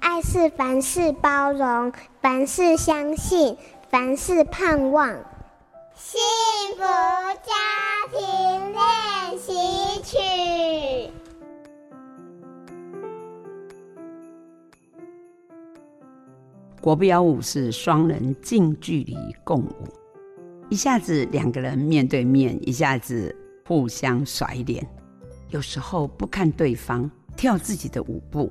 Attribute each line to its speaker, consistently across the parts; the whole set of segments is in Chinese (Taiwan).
Speaker 1: 愛是凡事包容，凡事相信，凡事盼望。幸福家庭練習曲。
Speaker 2: 國標舞是雙人近距離共舞，一下子兩個人面對面，一下子互相甩臉，有時候不看對方，跳自己的舞步。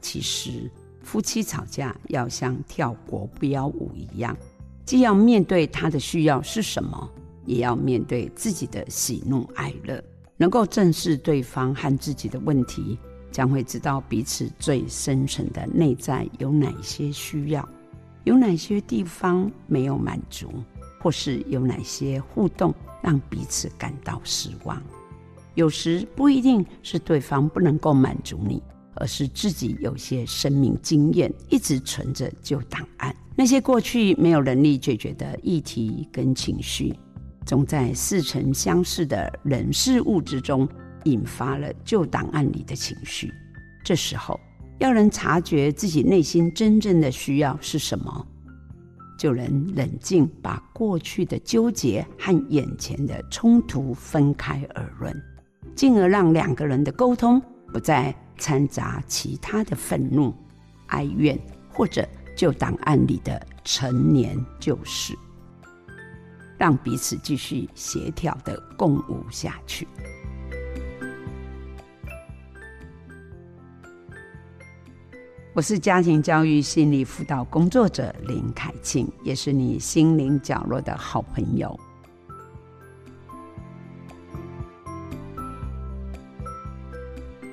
Speaker 2: 其實，夫妻吵架要像跳國標舞一樣，既要面對他的需要是什麼，也要面對自己的喜怒哀樂。能夠正視對方和自己的問題，將會知道彼此最深層的內在有哪些需要，有哪些地方沒有滿足，或是有哪些互動讓彼此感到失望。有時不一定是對方不能夠滿足你。而是自己有些生命經驗，一直存着舊檔案。那些過去沒有能力解決的議題跟情緒，總在似曾相識的人事物之中，引發了舊檔案裡的情緒。這時候，要能察覺自己內心真正的需要是什麼，就能冷靜把過去的糾結和眼前的衝突分開而論，進而讓兩個人的溝通不再摻雜其他的憤怒、哀怨，或者舊檔案裡的陳年舊事，讓彼此繼續協調的共舞下去。我是家庭教育心理輔導工作者林凱沁，也是你心靈角落的好朋友。